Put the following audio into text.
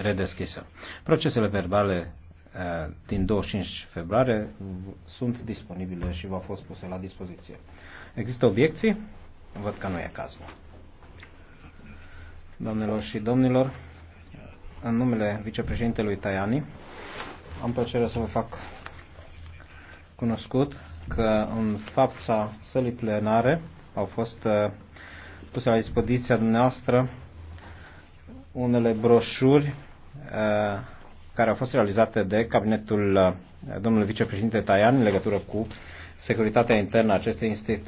redeschisă. Procesele verbale eh, din 25 februarie sunt disponibile și v-au fost puse la dispoziție. Există obiecții? Văd că nu e cazul. Doamnelor și domnilor, în numele vicepreședintelui Tajani, am plăcerea să vă fac cunoscut că în fața sălii plenare au fost eh, puse la dispoziția dumneavoastră unele broșuri Uh, care au fost realizate de cabinetul uh, domnului vicepreședinte Taian în legătură cu securitatea internă a acestei instituții.